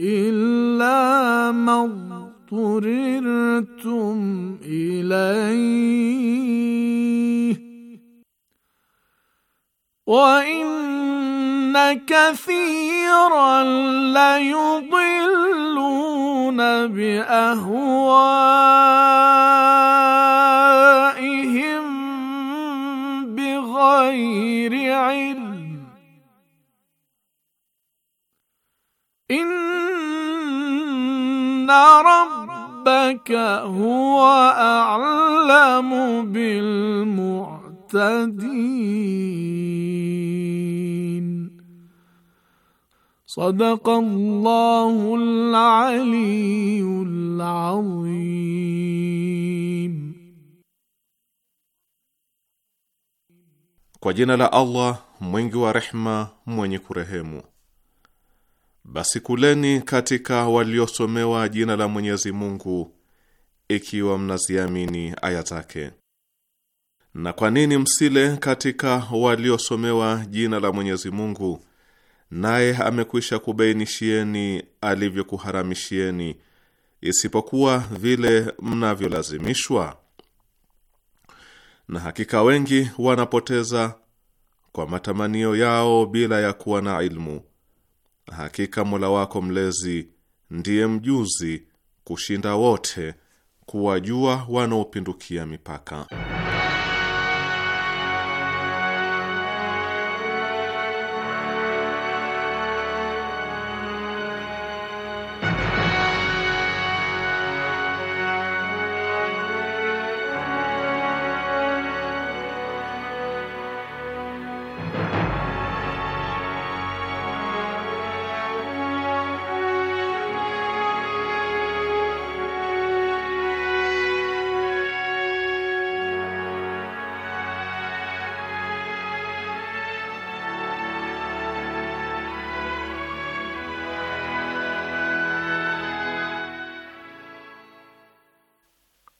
إلا ما اضطررتم إليه وإن كثيرا ليضلون بأهوائهم بغير علم إن رَبَّكَ هُوَ أَعْلَمُ بِالْمُعْتَدِينَ صدق الله العلي العظيم Kwa jina la Allah mwingi wa rehma mwenye kurehemu basi kuleni katika waliosomewa jina la Mwenyezi Mungu ikiwa mnaziamini aya zake. Na kwa nini msile katika waliosomewa jina la Mwenyezi Mungu, naye amekwisha kubainishieni alivyokuharamishieni, isipokuwa vile mnavyolazimishwa? Na hakika wengi wanapoteza kwa matamanio yao bila ya kuwa na ilmu. Hakika Mola wako mlezi ndiye mjuzi kushinda wote kuwajua wanaopindukia mipaka.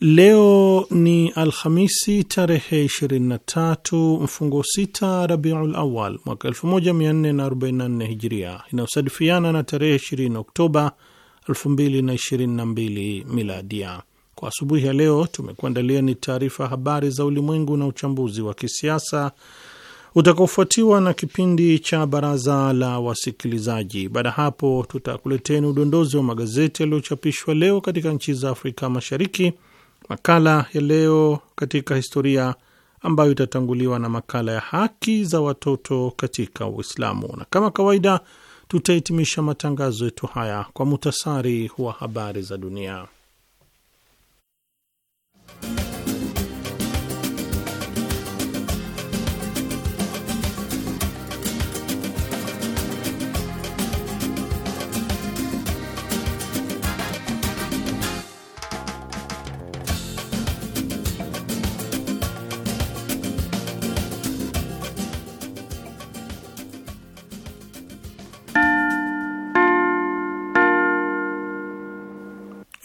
Leo ni Alhamisi tarehe 23 mfungo 6 Rabiul Awal mwaka 1444 Hijria, inayosadifiana na tarehe 20 Oktoba 2022 Miladia. Kwa asubuhi ya leo tumekuandalia ni taarifa habari za ulimwengu na uchambuzi wa kisiasa utakaofuatiwa na kipindi cha baraza la wasikilizaji. Baada ya hapo, tutakuleteni udondozi wa magazeti yaliyochapishwa leo katika nchi za Afrika Mashariki Makala ya leo katika historia ambayo itatanguliwa na makala ya haki za watoto katika Uislamu, na kama kawaida tutahitimisha matangazo yetu haya kwa muhtasari wa habari za dunia.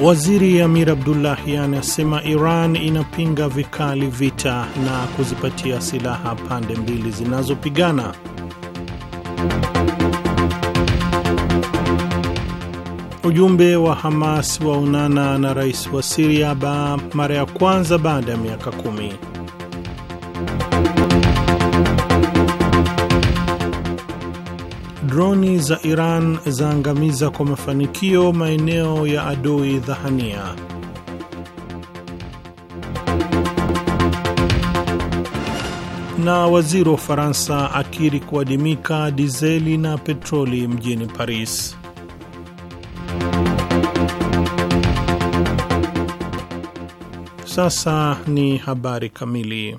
Waziri Amir Abdullahian asema Iran inapinga vikali vita na kuzipatia silaha pande mbili zinazopigana. Ujumbe wa Hamas waonana na rais wa Siria mara ya kwanza baada ya miaka kumi. Droni za Iran zaangamiza kwa mafanikio maeneo ya adui dhahania. Na waziri wa Ufaransa akiri kuadimika dizeli na petroli mjini Paris. Sasa ni habari kamili.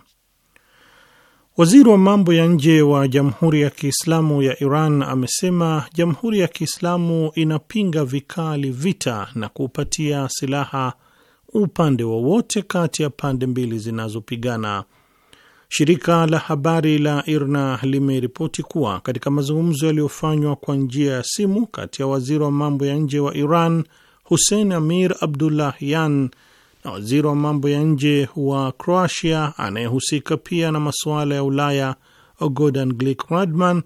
Waziri wa mambo ya nje wa Jamhuri ya Kiislamu ya Iran amesema Jamhuri ya Kiislamu inapinga vikali vita na kuupatia silaha upande wowote kati ya pande mbili zinazopigana. Shirika la habari la IRNA limeripoti kuwa katika mazungumzo yaliyofanywa kwa njia ya simu kati ya waziri wa mambo ya nje wa Iran Hussein Amir Abdullahian na waziri wa mambo ya nje wa Croatia anayehusika pia na masuala ya Ulaya Godan Glik Radman.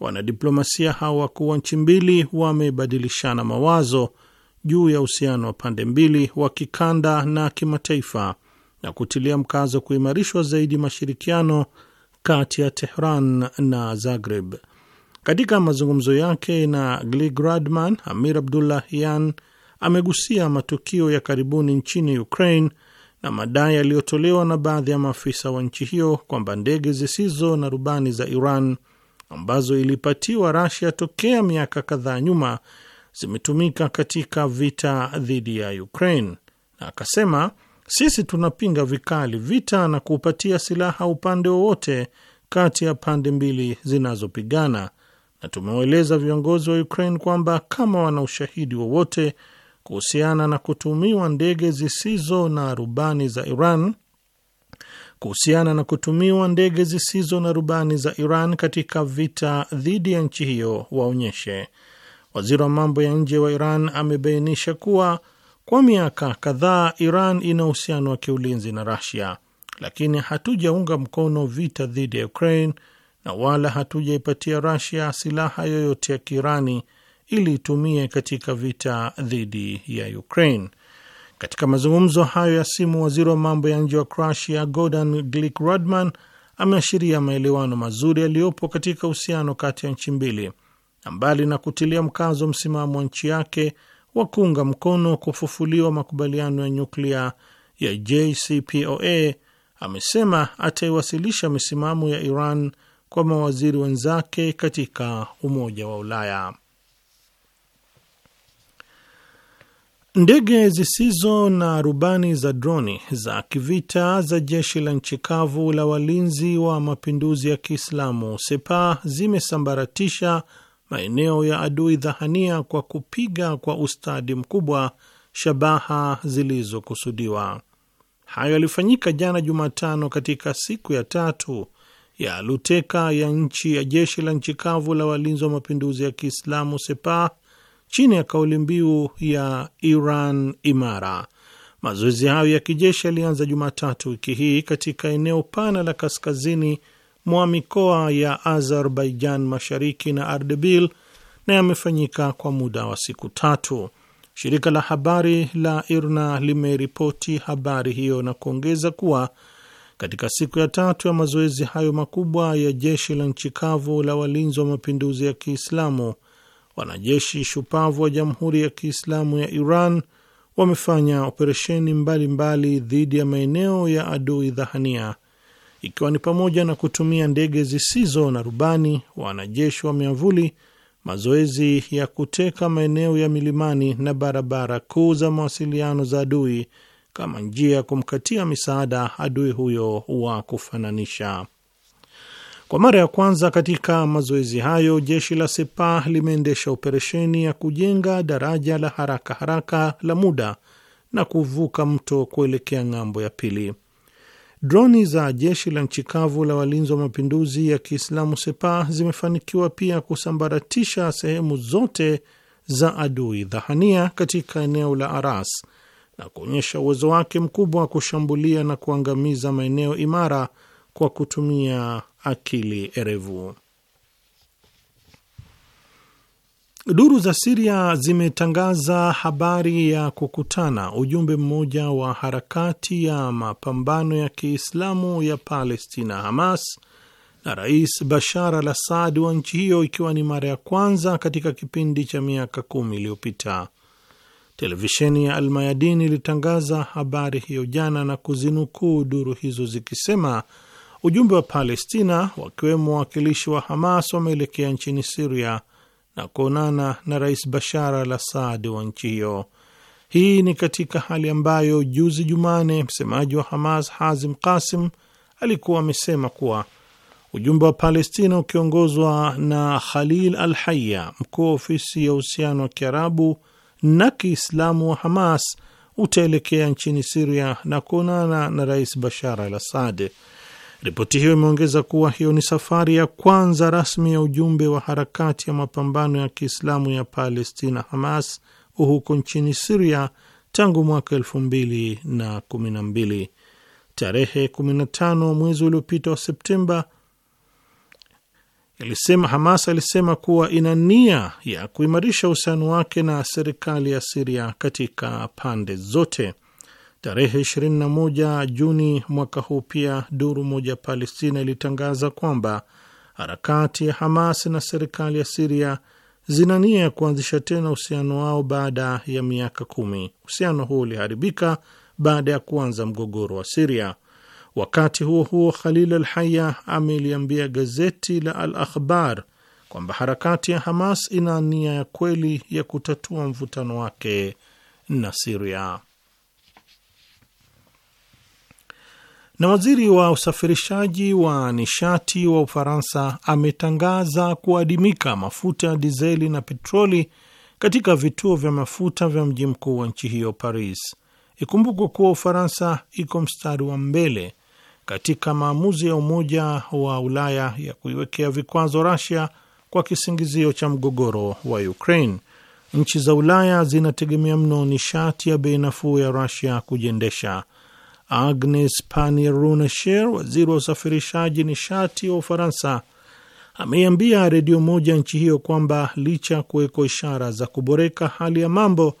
Wanadiplomasia hao wakuu wa nchi mbili wamebadilishana mawazo juu ya uhusiano wa pande mbili wa kikanda na kimataifa na kutilia mkazo kuimarishwa zaidi mashirikiano kati ya Tehran na Zagreb. Katika mazungumzo yake na Glik Radman, Amir Abdullahian amegusia matukio ya karibuni nchini Ukraine na madai yaliyotolewa na baadhi ya maafisa wa nchi hiyo kwamba ndege zisizo na rubani za Iran ambazo ilipatiwa Rasia tokea miaka kadhaa nyuma zimetumika katika vita dhidi ya Ukraine, na akasema sisi tunapinga vikali vita na kuupatia silaha upande wowote kati ya pande mbili zinazopigana, na tumewaeleza viongozi wa Ukraine kwamba kama wana ushahidi wowote wa kuhusiana na kutumiwa ndege zisizo na rubani za Iran kuhusiana na kutumiwa ndege zisizo na rubani za Iran katika vita dhidi ya nchi hiyo waonyeshe. Waziri wa mambo ya nje wa Iran amebainisha kuwa kwa miaka kadhaa Iran ina uhusiano wa kiulinzi na rasia lakini hatujaunga mkono vita dhidi ya Ukraine na wala hatujaipatia rasia silaha yoyote ya Kiirani ili itumie katika vita dhidi ya Ukraine. Katika mazungumzo hayo ya simu, waziri wa mambo ya nje wa crasia Gordan Glik Rodman ameashiria maelewano mazuri yaliyopo katika uhusiano kati ya nchi mbili, na mbali na kutilia mkazo msimamo wa nchi yake wa kuunga mkono kufufuliwa makubaliano ya nyuklia ya JCPOA, amesema ataiwasilisha misimamo ya Iran kwa mawaziri wenzake katika Umoja wa Ulaya. Ndege zisizo na rubani za droni za kivita za jeshi la nchi kavu la walinzi wa mapinduzi ya Kiislamu sepa zimesambaratisha maeneo ya adui dhahania kwa kupiga kwa ustadi mkubwa shabaha zilizokusudiwa. Hayo yalifanyika jana Jumatano katika siku ya tatu ya luteka ya nchi ya jeshi la nchi kavu la walinzi wa mapinduzi ya Kiislamu Sepah chini ya kauli mbiu ya Iran Imara. Mazoezi hayo ya kijeshi yalianza Jumatatu wiki hii katika eneo pana la kaskazini mwa mikoa ya Azerbaijan Mashariki na Ardebil na yamefanyika kwa muda wa siku tatu. Shirika la habari la IRNA limeripoti habari hiyo na kuongeza kuwa katika siku ya tatu ya mazoezi hayo makubwa ya jeshi la nchi kavu la walinzi wa mapinduzi ya Kiislamu wanajeshi shupavu wa Jamhuri ya Kiislamu ya Iran wamefanya operesheni mbalimbali dhidi ya maeneo ya adui dhahania, ikiwa ni pamoja na kutumia ndege zisizo na rubani, wanajeshi wa miavuli, mazoezi ya kuteka maeneo ya milimani na barabara kuu za mawasiliano za adui kama njia ya kumkatia misaada adui huyo wa kufananisha. Kwa mara ya kwanza katika mazoezi hayo, jeshi la Sepah limeendesha operesheni ya kujenga daraja la haraka haraka la muda na kuvuka mto kuelekea ng'ambo ya pili. Droni za jeshi la nchi kavu la walinzi wa mapinduzi ya Kiislamu Sepah zimefanikiwa pia kusambaratisha sehemu zote za adui dhahania katika eneo la Aras na kuonyesha uwezo wake mkubwa wa kushambulia na kuangamiza maeneo imara kwa kutumia akili erevu. Duru za Siria zimetangaza habari ya kukutana ujumbe mmoja wa harakati ya mapambano ya Kiislamu ya Palestina, Hamas, na Rais Bashar al Assad wa nchi hiyo, ikiwa ni mara ya kwanza katika kipindi cha miaka kumi iliyopita. Televisheni ya Almayadin ilitangaza habari hiyo jana na kuzinukuu duru hizo zikisema Ujumbe wa Palestina, wakiwemo wawakilishi wa Hamas, wameelekea nchini Siria na kuonana na Rais Bashar al Assad wa nchi hiyo. Hii ni katika hali ambayo juzi Jumane msemaji wa Hamas Hazim Qasim alikuwa amesema kuwa ujumbe wa Palestina ukiongozwa na Khalil al Haya, mkuu wa ofisi ya uhusiano wa Kiarabu na Kiislamu wa Hamas, utaelekea nchini Siria na kuonana na Rais Bashar al Assad. Ripoti hiyo imeongeza kuwa hiyo ni safari ya kwanza rasmi ya ujumbe wa harakati ya mapambano ya Kiislamu ya Palestina, Hamas, huko nchini Siria tangu mwaka elfu mbili na kumi na mbili. Tarehe 15 mwezi uliopita wa Septemba ilisema, Hamas alisema kuwa ina nia ya kuimarisha uhusiano wake na serikali ya Siria katika pande zote. Tarehe 21 Juni mwaka huu pia duru moja ya Palestina ilitangaza kwamba harakati ya Hamas na serikali ya Siria zina nia ya kuanzisha tena uhusiano wao baada ya miaka kumi. Uhusiano huo uliharibika baada ya kuanza mgogoro wa Siria. Wakati huo huo, Khalil Al Haya ameliambia gazeti la Al Akhbar kwamba harakati ya Hamas ina nia ya kweli ya kutatua mvutano wake na Siria. Na waziri wa usafirishaji wa nishati wa Ufaransa ametangaza kuadimika mafuta ya dizeli na petroli katika vituo vya mafuta vya mji mkuu wa nchi hiyo Paris. Ikumbukwe kuwa Ufaransa iko mstari wa mbele katika maamuzi ya Umoja wa Ulaya ya kuiwekea vikwazo rasia kwa kisingizio cha mgogoro wa Ukraine. Nchi za Ulaya zinategemea mno nishati ya bei nafuu ya rasia kujiendesha Agnes Pannier-Runacher, waziri wa usafirishaji nishati wa Ufaransa, ameiambia redio moja nchi hiyo kwamba licha ya kuwekwa ishara za kuboreka hali ya mambo,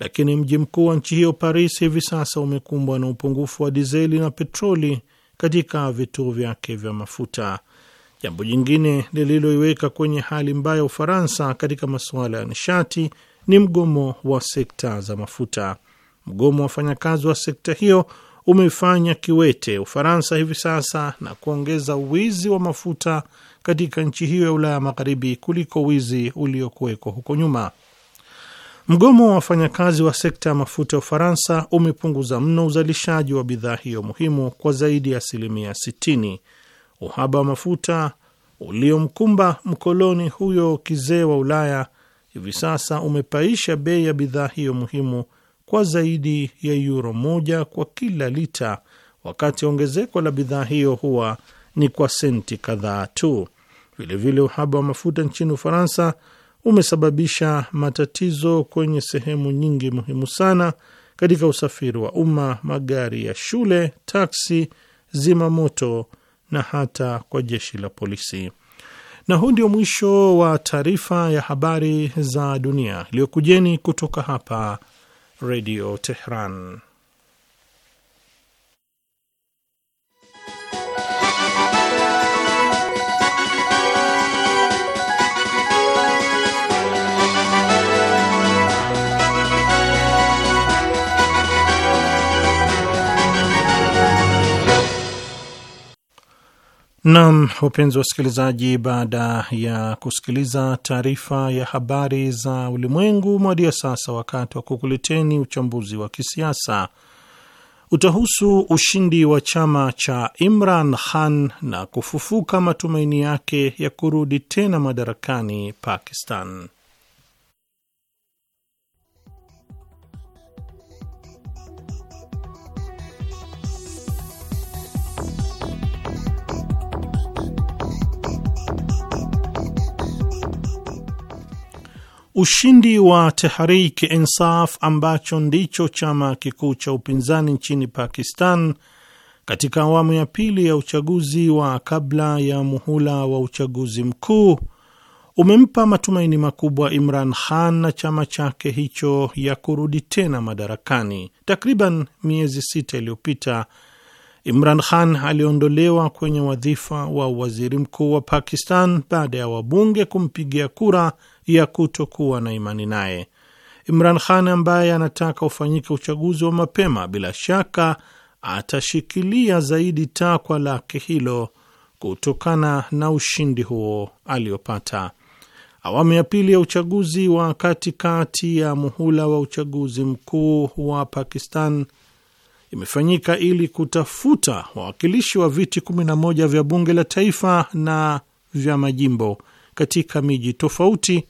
lakini mji mkuu wa nchi hiyo Paris hivi sasa umekumbwa na upungufu wa dizeli na petroli katika vituo vyake vya mafuta. Jambo jingine lililoiweka kwenye hali mbaya Ufaransa katika masuala ya nishati ni mgomo wa sekta za mafuta. Mgomo wa wafanyakazi wa sekta hiyo umefanya kiwete Ufaransa hivi sasa na kuongeza wizi wa mafuta katika nchi hiyo ya Ulaya Magharibi kuliko wizi uliokuweko huko nyuma. Mgomo wa wafanyakazi wa sekta ya mafuta ya Ufaransa umepunguza mno uzalishaji wa bidhaa hiyo muhimu kwa zaidi ya asilimia 60. Uhaba wa mafuta uliomkumba mkoloni huyo kizee wa Ulaya hivi sasa umepaisha bei ya bidhaa hiyo muhimu kwa zaidi ya yuro moja kwa kila lita, wakati ongezeko la bidhaa hiyo huwa ni kwa senti kadhaa tu. Vilevile, uhaba wa mafuta nchini Ufaransa umesababisha matatizo kwenye sehemu nyingi muhimu sana katika usafiri wa umma, magari ya shule, taksi, zimamoto na hata kwa jeshi la polisi. Na huu ndio mwisho wa taarifa ya habari za dunia iliyokujeni kutoka hapa Radio Tehran. Nam, wapenzi wasikilizaji, baada ya kusikiliza taarifa ya habari za ulimwengu, mwadia sasa wakati wa kukuleteni uchambuzi wa kisiasa. Utahusu ushindi wa chama cha Imran Khan na kufufuka matumaini yake ya kurudi tena madarakani Pakistan. Ushindi wa Tehrik Insaf ambacho ndicho chama kikuu cha upinzani nchini Pakistan katika awamu ya pili ya uchaguzi wa kabla ya muhula wa uchaguzi mkuu umempa matumaini makubwa Imran Khan na chama chake hicho ya kurudi tena madarakani. Takriban miezi sita iliyopita, Imran Khan aliondolewa kwenye wadhifa wa waziri mkuu wa Pakistan baada ya wabunge kumpigia kura ya kutokuwa na imani naye. Imran Khan ambaye anataka ufanyike uchaguzi wa mapema, bila shaka atashikilia zaidi takwa lake hilo kutokana na ushindi huo aliopata. Awamu ya pili ya uchaguzi wa katikati ya muhula wa uchaguzi mkuu wa Pakistan imefanyika ili kutafuta wawakilishi wa viti 11 vya bunge la taifa na vya majimbo katika miji tofauti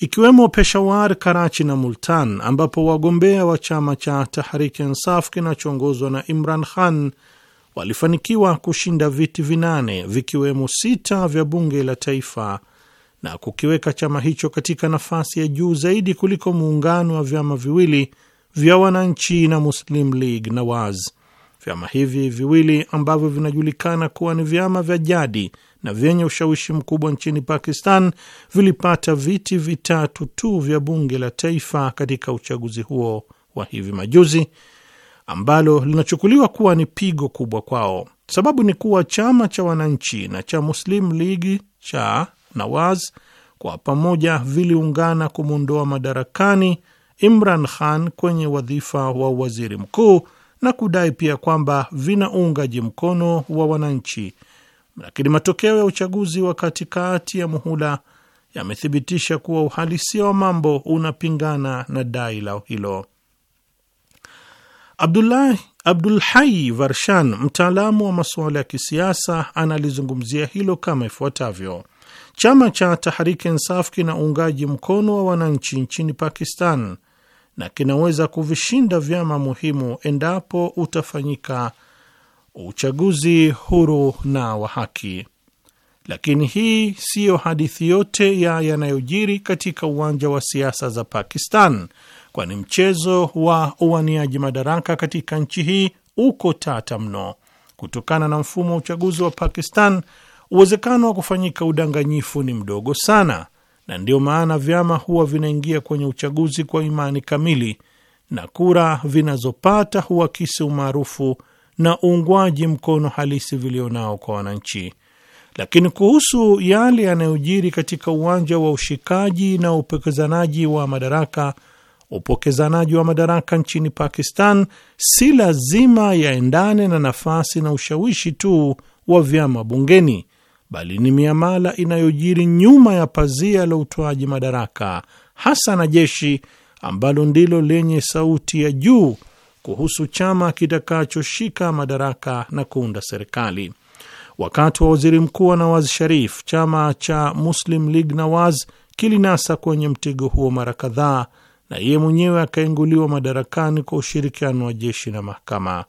ikiwemo Peshawar, Karachi na Multan, ambapo wagombea wa chama cha Tahriki Insaf kinachoongozwa na Imran Khan walifanikiwa kushinda viti vinane vikiwemo sita vya bunge la taifa na kukiweka chama hicho katika nafasi ya juu zaidi kuliko muungano wa vyama viwili vya wananchi na Muslim League waz Vyama hivi viwili ambavyo vinajulikana kuwa ni vyama vya jadi na vyenye ushawishi mkubwa nchini Pakistan vilipata viti vitatu tu vya bunge la taifa katika uchaguzi huo wa hivi majuzi, ambalo linachukuliwa kuwa ni pigo kubwa kwao. Sababu ni kuwa chama cha wananchi na cha Muslim League cha Nawaz kwa pamoja viliungana kumwondoa madarakani Imran Khan kwenye wadhifa wa waziri mkuu na kudai pia kwamba vina uungaji mkono wa wananchi lakini matokeo ya uchaguzi wa katikati ya muhula yamethibitisha kuwa uhalisia wa mambo unapingana na dai lao hilo. Abdul Hai Varshan, mtaalamu wa masuala ya kisiasa, analizungumzia hilo kama ifuatavyo: chama cha tahariki Insaf kina uungaji mkono wa wananchi nchini Pakistan na kinaweza kuvishinda vyama muhimu endapo utafanyika uchaguzi huru na wa haki. Lakini hii siyo hadithi yote ya yanayojiri katika uwanja wa siasa za Pakistan, kwani mchezo wa uwaniaji madaraka katika nchi hii uko tata mno. Kutokana na mfumo wa uchaguzi wa Pakistan, uwezekano wa kufanyika udanganyifu ni mdogo sana, na ndiyo maana vyama huwa vinaingia kwenye uchaguzi kwa imani kamili, na kura vinazopata huakisi umaarufu na uungwaji mkono halisi vilionao kwa wananchi. Lakini kuhusu yale yanayojiri katika uwanja wa ushikaji na upokezanaji wa madaraka upokezanaji wa madaraka nchini Pakistan si lazima yaendane na nafasi na ushawishi tu wa vyama bungeni, bali ni miamala inayojiri nyuma ya pazia la utoaji madaraka, hasa na jeshi ambalo ndilo lenye sauti ya juu kuhusu chama kitakachoshika madaraka na kuunda serikali. Wakati wa waziri mkuu wa Nawaz Sharif, chama cha Muslim League Nawaz kilinasa kwenye mtego huo mara kadhaa, na yeye mwenyewe akainguliwa madarakani kwa ushirikiano wa jeshi na mahakama.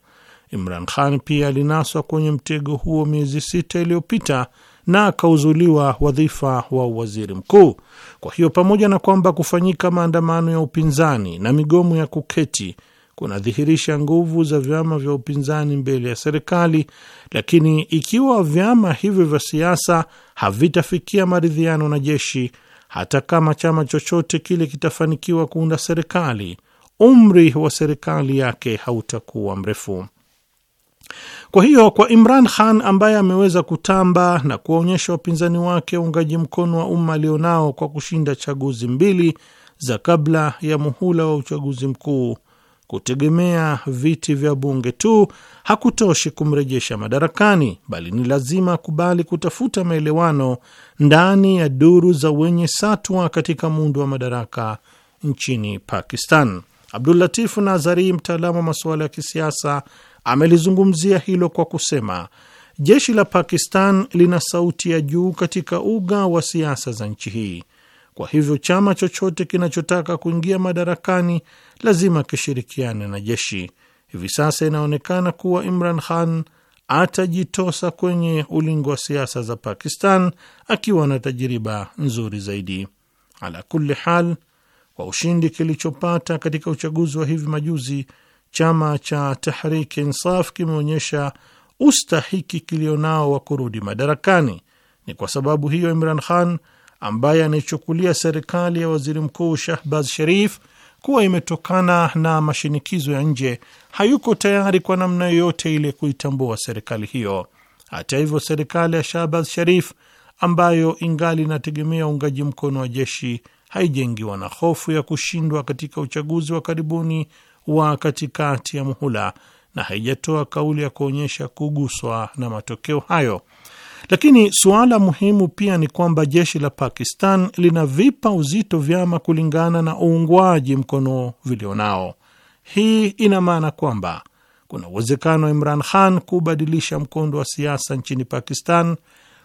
Imran Khan pia alinaswa kwenye mtego huo miezi sita iliyopita na akauzuliwa wadhifa wa waziri mkuu. Kwa hiyo pamoja na kwamba kufanyika maandamano ya upinzani na migomo ya kuketi kunadhihirisha nguvu za vyama vya upinzani mbele ya serikali, lakini ikiwa vyama hivyo vya siasa havitafikia maridhiano na jeshi, hata kama chama chochote kile kitafanikiwa kuunda serikali, umri wa serikali yake hautakuwa mrefu. Kwa hiyo kwa Imran Khan ambaye ameweza kutamba na kuwaonyesha wapinzani wake uungaji mkono wa umma alionao kwa kushinda chaguzi mbili za kabla ya muhula wa uchaguzi mkuu, kutegemea viti vya bunge tu hakutoshi kumrejesha madarakani, bali ni lazima kubali kutafuta maelewano ndani ya duru za wenye satwa katika muundo wa madaraka nchini Pakistan. Abdulatif Nazari, mtaalamu wa masuala ya kisiasa, amelizungumzia hilo kwa kusema jeshi la Pakistan lina sauti ya juu katika uga wa siasa za nchi hii. Kwa hivyo chama chochote kinachotaka kuingia madarakani lazima kishirikiane na jeshi. Hivi sasa inaonekana kuwa Imran Khan atajitosa kwenye ulingo wa siasa za Pakistan akiwa na tajiriba nzuri zaidi. Ala kulli hal, kwa ushindi kilichopata katika uchaguzi wa hivi majuzi, chama cha Tahrik Insaf kimeonyesha ustahiki kilionao wa kurudi madarakani. Ni kwa sababu hiyo Imran Khan ambaye anaichukulia serikali ya waziri mkuu Shahbaz Sharif kuwa imetokana na mashinikizo ya nje, hayuko tayari kwa namna yoyote ile kuitambua serikali hiyo. Hata hivyo, serikali ya Shahbaz Sharif ambayo ingali inategemea uungaji mkono wa jeshi haijengiwa na hofu ya kushindwa katika uchaguzi wa karibuni wa katikati ya muhula na haijatoa kauli ya kuonyesha kuguswa na matokeo hayo. Lakini suala muhimu pia ni kwamba jeshi la Pakistan linavipa uzito vyama kulingana na uungwaji mkono vilionao. Hii ina maana kwamba kuna uwezekano wa Imran Khan kubadilisha mkondo wa siasa nchini Pakistan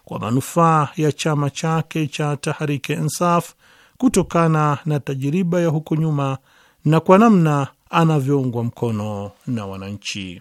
kwa manufaa ya chama chake cha Tahriki Insaf kutokana na tajiriba ya huko nyuma na kwa namna anavyoungwa mkono na wananchi.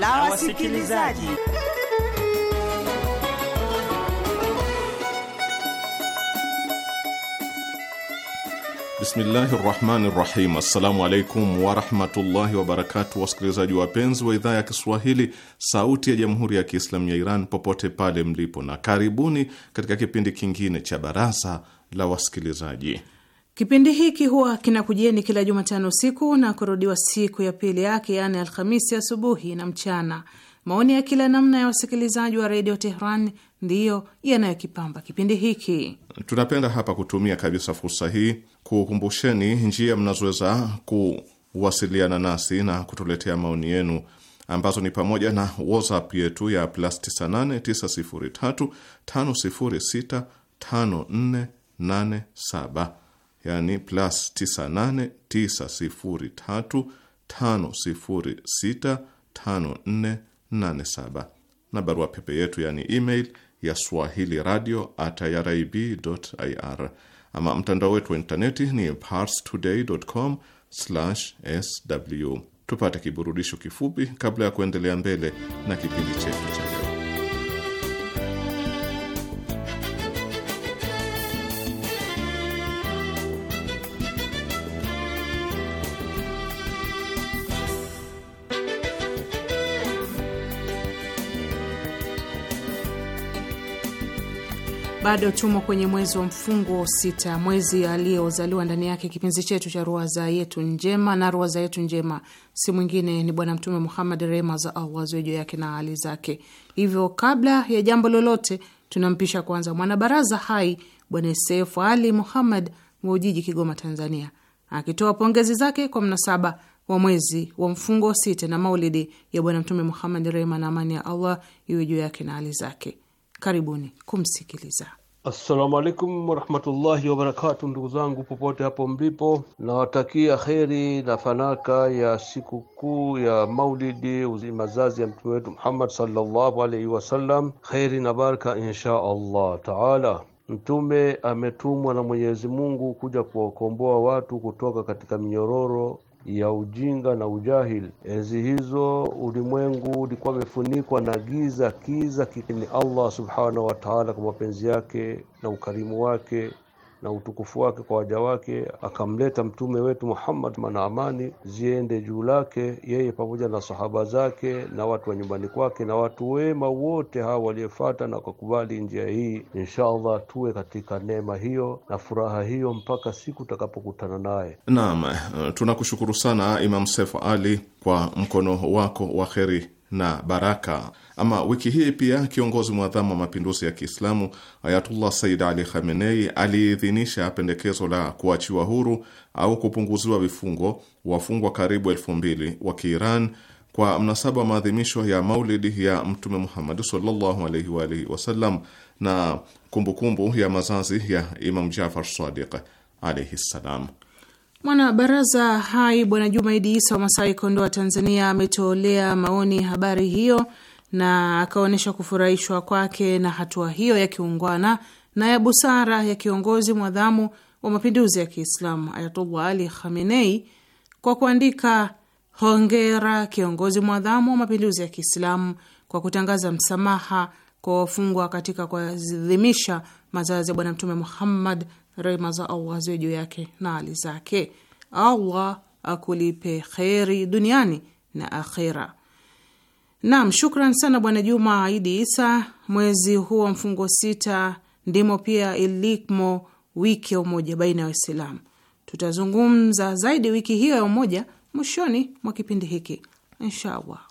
la wasikilizaji. Bismillahi rahmani rahim. Assalamu alaikum warahmatullahi wabarakatu. Wasikilizaji wapenzi wa idhaa ya Kiswahili sauti ya jamhuri ya Kiislamu ya Iran popote pale mlipo, na karibuni katika kipindi kingine cha baraza la wasikilizaji. Kipindi hiki huwa kinakujieni kila Jumatano usiku na kurudiwa siku ya pili yake, yaani Alhamisi asubuhi ya na mchana. Maoni ya kila namna ya wasikilizaji wa redio Tehran ndiyo yanayokipamba kipindi hiki. Tunapenda hapa kutumia kabisa fursa hii kukumbusheni njia mnazoweza kuwasiliana nasi na kutuletea maoni yenu ambazo ni pamoja na WhatsApp yetu ya plus 989035065487 yani plus 989035065487 na barua pepe yetu yani email ya swahili radio at irib ir. Ama mtandao wetu wa intaneti ni parstoday.com sw. Tupate kiburudisho kifupi kabla ya kuendelea mbele na kipindi chetu cha Bado tumo kwenye mwezi wa mfungo sita, mwezi aliyozaliwa ndani yake kipenzi chetu cha ruwaza yetu njema, na ruwaza yetu njema si mwingine ni Bwana Mtume Muhammad, rehma za Allah ziwe juu yake na hali zake. Hivyo, kabla ya jambo lolote, tunampisha kwanza mwanabaraza hai Bwana Sefu Ali Muhammad wa Ujiji, Kigoma, Tanzania, akitoa pongezi zake kwa mnasaba wa mwezi wa mfungo sita na maulidi ya Bwana Mtume Muhammad, rehma na amani ya Allah iwe juu yake na hali zake. Karibuni kumsikiliza. Assalamu alaikum warahmatullahi wabarakatu, ndugu zangu popote hapo mlipo, nawatakia kheri na fanaka ya sikukuu ya maulidi mazazi ya mtume wetu Muhammad sallallahu alaihi wasallam, kheri na baraka insha Allah taala. Mtume ametumwa na Mwenyezi Mungu kuja kuwakomboa watu kutoka katika minyororo ya ujinga na ujahili. Enzi hizo ulimwengu ulikuwa umefunikwa na giza, kiza kini Allah subhanahu wa ta'ala, kwa mapenzi yake na ukarimu wake na utukufu wake kwa waja wake, akamleta mtume wetu Muhammad, na amani ziende juu lake yeye pamoja na sahaba zake na watu wa nyumbani kwake na watu wema wote hawa waliofuata na kukubali njia hii. Insha Allah tuwe katika neema hiyo na furaha hiyo mpaka siku tutakapokutana naye. Naam, tunakushukuru sana Imam Sefu Ali kwa mkono wako wa kheri na baraka. Ama wiki hii pia kiongozi mwadhamu wa mapinduzi ya Kiislamu Ayatullah Said Ali Khamenei aliidhinisha pendekezo la kuachiwa huru au kupunguziwa vifungo wafungwa karibu elfu mbili wa Kiiran kwa mnasaba wa maadhimisho ya maulidi ya Mtume Muhammad sallallahu alaihi wa alihi wasallam na kumbukumbu ya mazazi ya Imam Jafar Sadiq alaihi ssalam. Mwanabaraza hai Bwana Jumaidi Isa wa Masai, Kondoa, Tanzania, ametolea maoni habari hiyo na akaonyesha kufurahishwa kwake na hatua hiyo ya kiungwana na ya busara ya kiongozi mwadhamu wa mapinduzi ya Kiislamu Ayatullah Ali Khamenei kwa kuandika hongera kiongozi mwadhamu wa mapinduzi ya Kiislamu kwa kutangaza msamaha kwa wafungwa katika kuadhimisha mazazi ya Bwana Mtume Muhammad rehma za Allah ziwe juu yake na hali zake. Allah akulipe kheri duniani na akhira Naam, shukran sana Bwana Juma Aidi Isa. Mwezi huu wa mfungo sita ndimo pia ilimo wiki ya umoja baina ya Waislamu. Tutazungumza zaidi wiki hiyo ya umoja mwishoni mwa kipindi hiki inshallah.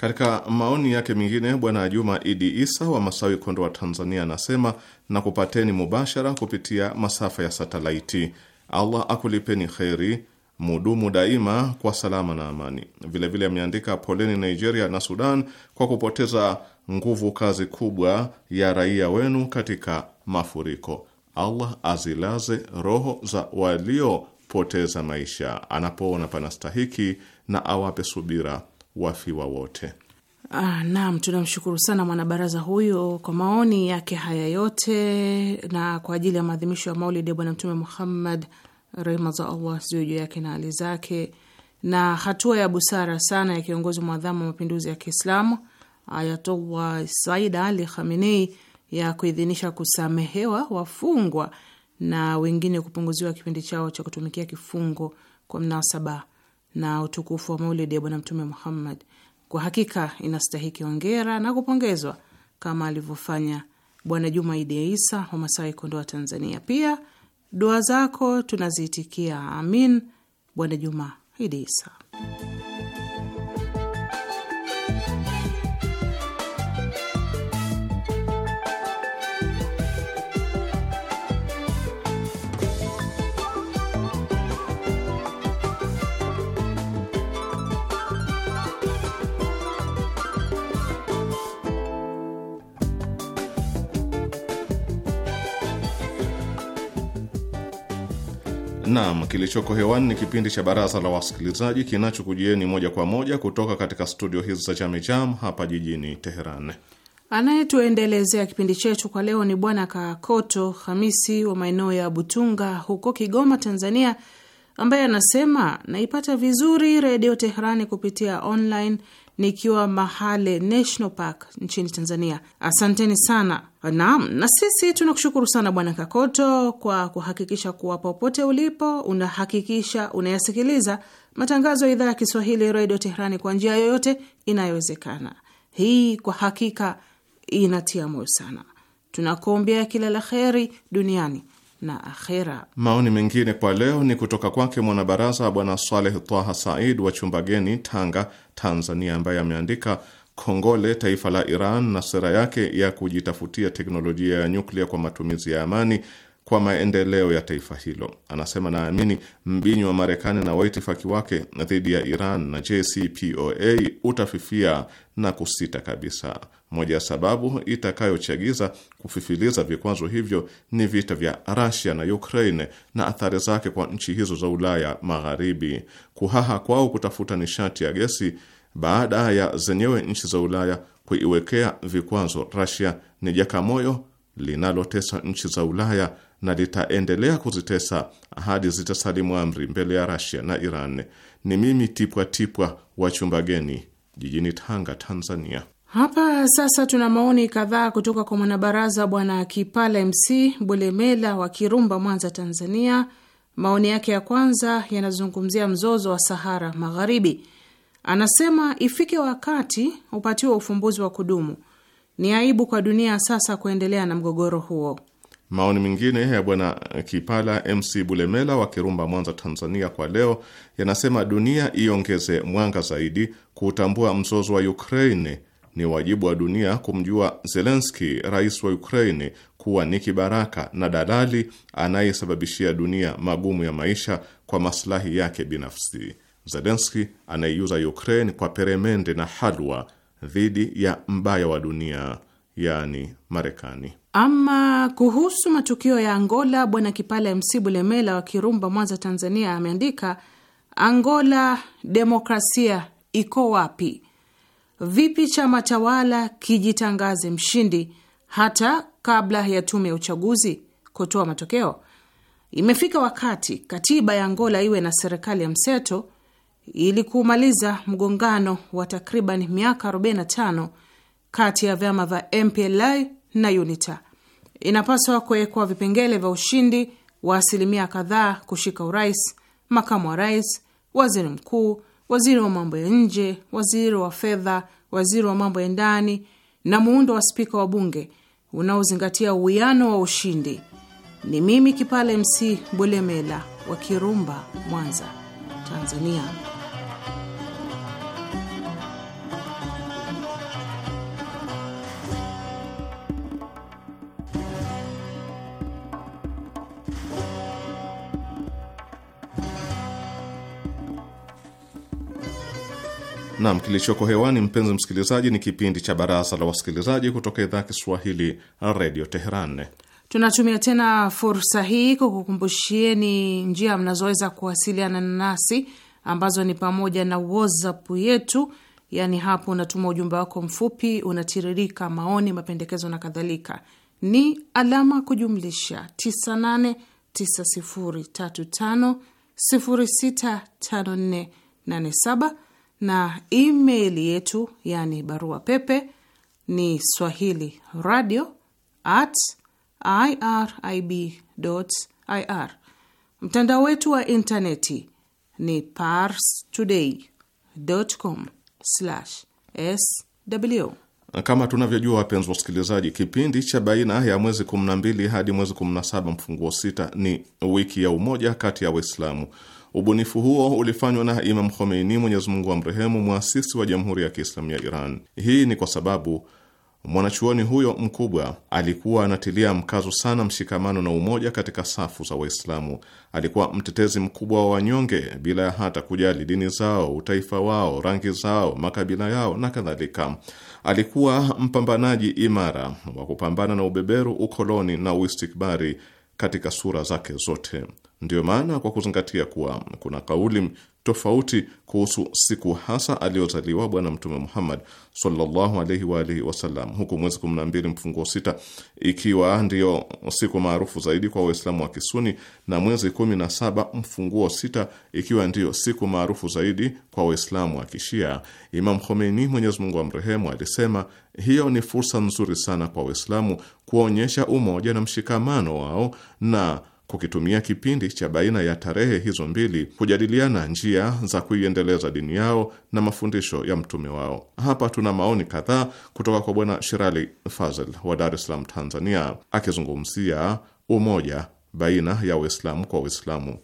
Katika maoni yake mengine, Bwana Juma Idi Isa wa Masawi, Kondo wa Tanzania, anasema na kupateni mubashara kupitia masafa ya satelaiti. Allah akulipeni kheri, mudumu daima kwa salama na amani. Vilevile ameandika vile poleni Nigeria na Sudan kwa kupoteza nguvu kazi kubwa ya raia wenu katika mafuriko. Allah azilaze roho za waliopoteza maisha anapoona panastahiki na awape subira wafiwa wote. Ah, naam, tunamshukuru sana mwanabaraza huyo kwa maoni yake haya yote na kwa ajili ya maadhimisho ya maulidi ya Bwana Mtume Muhammad, rehma za Allah ziwe juu yake na hali zake, na hatua ya busara sana ya kiongozi mwadhamu wa mapinduzi ya Kiislamu Ayatollah Said Ali Khamenei ya kuidhinisha kusamehewa wafungwa na wengine kupunguziwa kipindi chao cha kutumikia kifungo kwa mnasaba na utukufu wa maulidi ya Bwana Mtume Muhammad kwa hakika inastahiki ongera na kupongezwa kama alivyofanya Bwana Juma Idi Isa wa Masai, Kondoa, Tanzania. Pia dua zako tunaziitikia, amin. Bwana Juma Idi Isa. Naam, kilichoko hewani ni kipindi cha Baraza la Wasikilizaji kinachokujieni moja kwa moja kutoka katika studio hizi za Chamicham hapa jijini Teheran. Anayetuendelezea kipindi chetu kwa leo ni Bwana kakoto Hamisi wa maeneo ya Butunga huko Kigoma, Tanzania, ambaye anasema naipata vizuri Redio Teherani kupitia online nikiwa Mahale National Park nchini Tanzania. Asanteni sana. Naam, na sisi tunakushukuru sana Bwana Kakoto kwa kuhakikisha kuwa popote ulipo unahakikisha unayasikiliza matangazo ya idhaa ya Kiswahili Redio Teherani kwa njia yoyote inayowezekana. Hii kwa hakika inatia moyo sana. Tunakuombea kila la kheri duniani na akhera. Maoni mengine kwa leo ni kutoka kwake mwanabaraza Bwana Saleh Twaha Said wa Chumbageni, Tanga, Tanzania, ambaye ameandika Kongole taifa la Iran na sera yake ya kujitafutia teknolojia ya nyuklia kwa matumizi ya amani kwa maendeleo ya taifa hilo. Anasema, naamini mbinyo wa Marekani na waitifaki wake dhidi ya Iran na JCPOA utafifia na kusita kabisa. Moja ya sababu itakayochagiza kufifiliza vikwazo hivyo ni vita vya rasia na Ukraine na athari zake kwa nchi hizo za Ulaya Magharibi. Kuhaha kwao kutafuta nishati ya gesi baada ya zenyewe nchi za Ulaya kuiwekea vikwazo rasia ni jakamoyo linalotesa nchi za Ulaya na litaendelea kuzitesa hadi zitasalimu amri mbele ya Rasia na Iran. Ni mimi Tipwa Tipwa wa geni jijini Tanga, Tanzania. Hapa sasa tuna maoni kadhaa kutoka kwa mwanabaraza Bwana Kipala MC Bulemela wa Kirumba, Mwanza, Tanzania. Maoni yake ya kwanza yanazungumzia mzozo wa Sahara Magharibi. Anasema ifike wakati upatiwe ufumbuzi wa kudumu. Ni aibu kwa dunia sasa kuendelea na mgogoro huo. Maoni mengine ya bwana Kipala MC Bulemela wa Kirumba, Mwanza, Tanzania, kwa leo yanasema dunia iongeze mwanga zaidi kuutambua mzozo wa Ukraini. Ni wajibu wa dunia kumjua Zelenski, rais wa ukraini kuwa ni kibaraka na dalali anayesababishia dunia magumu ya maisha kwa maslahi yake binafsi. Zelenski anaiuza Ukraine kwa peremende na halwa dhidi ya mbaya wa dunia, yaani Marekani. Ama kuhusu matukio ya Angola, Bwana Kipala MC Bulemela wa Kirumba, Mwanza, Tanzania, ameandika Angola, demokrasia iko wapi? Vipi chama tawala kijitangaze mshindi hata kabla ya tume ya uchaguzi kutoa matokeo? Imefika wakati katiba ya Angola iwe na serikali ya mseto ili kumaliza mgongano wa takriban miaka 45 kati ya vyama vya MPLA na UNITA inapaswa kuwekwa vipengele vya ushindi wa asilimia kadhaa kushika urais, makamu wa rais, waziri mkuu, waziri wa mambo ya nje, waziri wa fedha, waziri wa mambo ya ndani na muundo wa spika wa bunge unaozingatia uwiano wa ushindi. Ni mimi Kipale MC Bulemela wa Kirumba, Mwanza, Tanzania. Nam, kilichoko hewani mpenzi msikilizaji, ni kipindi cha Baraza la Wasikilizaji kutoka idhaa ya Kiswahili Redio Teheran. Tunatumia tena fursa hii kukukumbushieni njia mnazoweza kuwasiliana nasi ambazo ni pamoja na WhatsApp yetu, yaani hapo unatuma ujumbe wako mfupi, unatiririka maoni, mapendekezo na kadhalika, ni alama kujumlisha 989035065487 na email yetu yani barua pepe ni swahili radio at irib ir. Mtandao wetu wa intaneti ni pars today com sw. Kama tunavyojua wapenzi wasikilizaji, kipindi cha baina ya mwezi 12 hadi mwezi 17 mfunguo sita ni wiki ya umoja kati ya Waislamu. Ubunifu huo ulifanywa na Imam Khomeini, Mwenyezi Mungu amrehemu, mwasisi wa Jamhuri ya Kiislamu ya Iran. Hii ni kwa sababu mwanachuoni huyo mkubwa alikuwa anatilia mkazo sana mshikamano na umoja katika safu za Waislamu. Alikuwa mtetezi mkubwa wa wanyonge bila ya hata kujali dini zao, utaifa wao, rangi zao, makabila yao na kadhalika. Alikuwa mpambanaji imara wa kupambana na ubeberu, ukoloni na uistikbari katika sura zake zote. Ndiyo maana kwa kuzingatia kuwa kuna kauli tofauti kuhusu siku hasa aliyozaliwa Bwana Mtume Muhammad sallallahu alaihi wa alihi wasallam, huku mwezi 12 mfunguo sita ikiwa ndiyo siku maarufu zaidi kwa Waislamu wa Kisuni na mwezi 17 mfunguo sita ikiwa ndiyo siku maarufu zaidi kwa Waislamu wa Kishia, Imam Khomeini, Mwenyezi Mungu amrehemu, alisema hiyo ni fursa nzuri sana kwa Waislamu kuwaonyesha umoja na mshikamano wao na kukitumia kipindi cha baina ya tarehe hizo mbili kujadiliana njia za kuiendeleza dini yao na mafundisho ya mtume wao. Hapa tuna maoni kadhaa kutoka kwa Bwana Shirali Fazl wa Dar es Salaam, Tanzania, akizungumzia umoja baina ya Waislamu kwa uislamu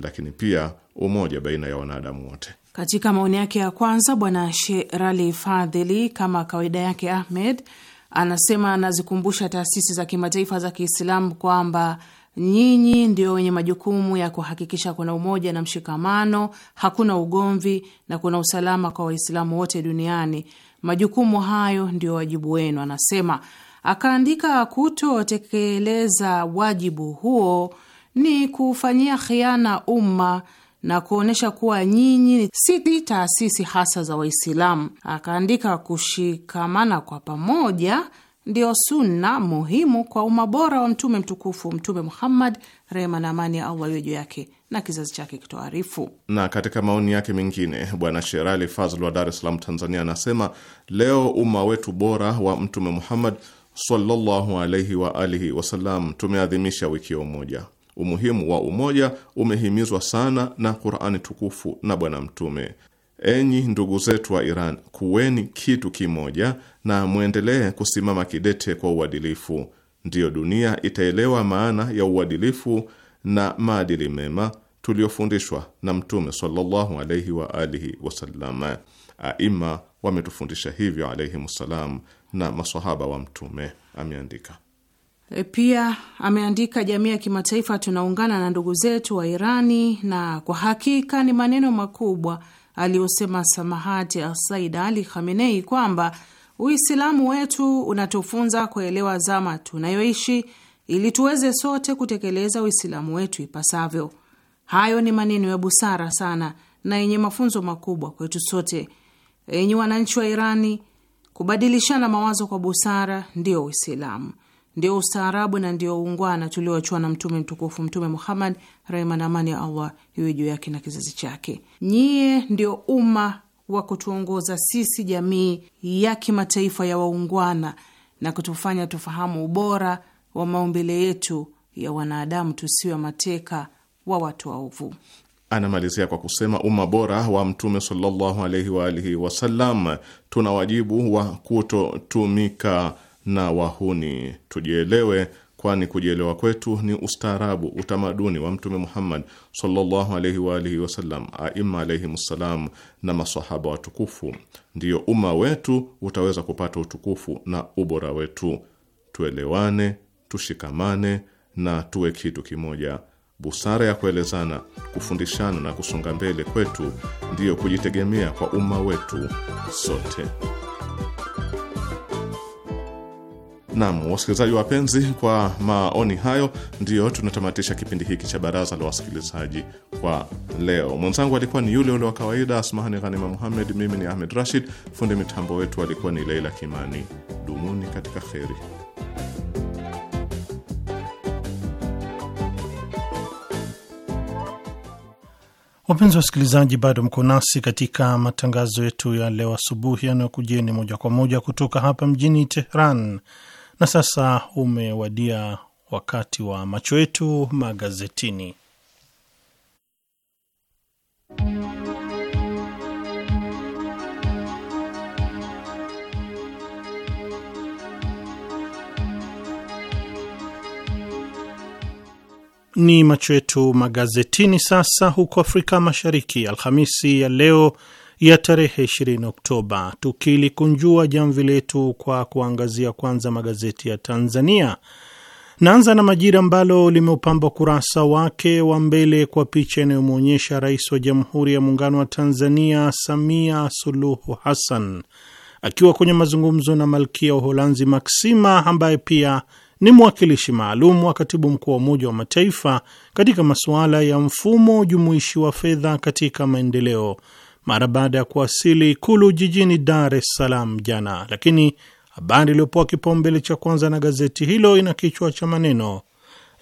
lakini pia umoja baina ya wanadamu wote. Katika maoni yake ya kwanza, Bwana Sherali Fadhili, kama kawaida yake, Ahmed anasema anazikumbusha taasisi za kimataifa za Kiislamu kwamba Nyinyi ndio wenye majukumu ya kuhakikisha kuna umoja na mshikamano, hakuna ugomvi na kuna usalama kwa Waislamu wote duniani. Majukumu hayo ndio wajibu wenu, anasema. Akaandika, kutotekeleza wajibu huo ni kufanyia khiana umma na kuonyesha kuwa nyinyi si taasisi hasa za Waislamu. Akaandika, kushikamana kwa pamoja ndiyo sunna muhimu kwa umma bora wa mtume mtukufu Mtume Muhammad, rehma na amani ya Allah iwe juu yake na kizazi chake kitoarifu. Na katika maoni yake mengine, Bwana Sherali Fazl wa Dar es Salaam, Tanzania, anasema leo umma wetu bora wa Mtume Muhammad sallallahu alaihi wa alihi wasallam tumeadhimisha wiki ya umoja. Umuhimu wa umoja umehimizwa sana na Qurani tukufu na Bwana Mtume. Enyi ndugu zetu wa Iran, kuweni kitu kimoja na mwendelee kusimama kidete kwa uadilifu. Ndiyo dunia itaelewa maana ya uadilifu na maadili mema tuliofundishwa na Mtume sallallahu alaihi wa alihi wasallam. Aima wametufundisha hivyo alaihimussalam, na masahaba wa Mtume, ameandika e, pia ameandika, jamii ya kimataifa tunaungana na ndugu zetu wa Irani, na kwa hakika ni maneno makubwa aliyosema samahati Said Ali Khamenei kwamba Uislamu wetu unatufunza kuelewa zama tunayoishi ili tuweze sote kutekeleza Uislamu wetu ipasavyo. Hayo ni maneno ya busara sana na yenye mafunzo makubwa kwetu sote. Enyi wananchi wa Irani, kubadilishana mawazo kwa busara ndio Uislamu, ndio ustaarabu na ndio uungwana tulioachiwa na Mtume mtukufu Mtume Muhammad, rehma na amani ya Allah iwe juu yake na kizazi chake. Nyiye ndio umma wa kutuongoza sisi jamii ya kimataifa ya waungwana na kutufanya tufahamu ubora wa maumbile yetu ya wanadamu tusiwe mateka wa watu waovu. Anamalizia kwa kusema umma bora wa Mtume sallallahu alaihi wa alihi wasallam, tuna wajibu wa kutotumika na wahuni. Tujielewe kwani kujielewa kwetu ni ustaarabu, utamaduni wa Mtume Muhammad sallallahu alaihi wa alihi wasallam, aima alaihimssalam, na masahaba watukufu. Ndiyo umma wetu utaweza kupata utukufu na ubora wetu. Tuelewane, tushikamane na tuwe kitu kimoja. Busara ya kuelezana, kufundishana na kusonga mbele kwetu ndiyo kujitegemea kwa umma wetu sote. Nam wasikilizaji wapenzi, kwa maoni hayo ndiyo tunatamatisha kipindi hiki cha baraza la wasikilizaji kwa leo. Mwenzangu alikuwa ni yule ule wa kawaida Asmahani Ghanima Muhammed, mimi ni Ahmed Rashid, fundi mitambo wetu alikuwa ni Leila Kimani. Dumuni katika kheri. Wapenzi wasikilizaji, bado mko nasi katika matangazo yetu ya leo asubuhi yanayokujeni moja kwa moja kutoka hapa mjini Tehran. Na sasa umewadia wakati wa macho yetu magazetini. Ni macho yetu magazetini sasa. Huko Afrika Mashariki, Alhamisi ya leo ya tarehe 20 Oktoba, tukilikunjua jamvi letu kwa kuangazia kwanza magazeti ya Tanzania. Naanza na Majira ambalo limeupamba ukurasa wake wa mbele kwa picha inayomwonyesha Rais wa Jamhuri ya Muungano wa Tanzania Samia Suluhu Hassan akiwa kwenye mazungumzo na Malkia wa Uholanzi Maksima ambaye pia ni mwakilishi maalum wa katibu mkuu wa Umoja wa Mataifa katika masuala ya mfumo jumuishi wa fedha katika maendeleo mara baada ya kuwasili Ikulu jijini Dar es Salaam jana, lakini habari iliyopewa kipaumbele cha kwanza na gazeti hilo ina kichwa cha maneno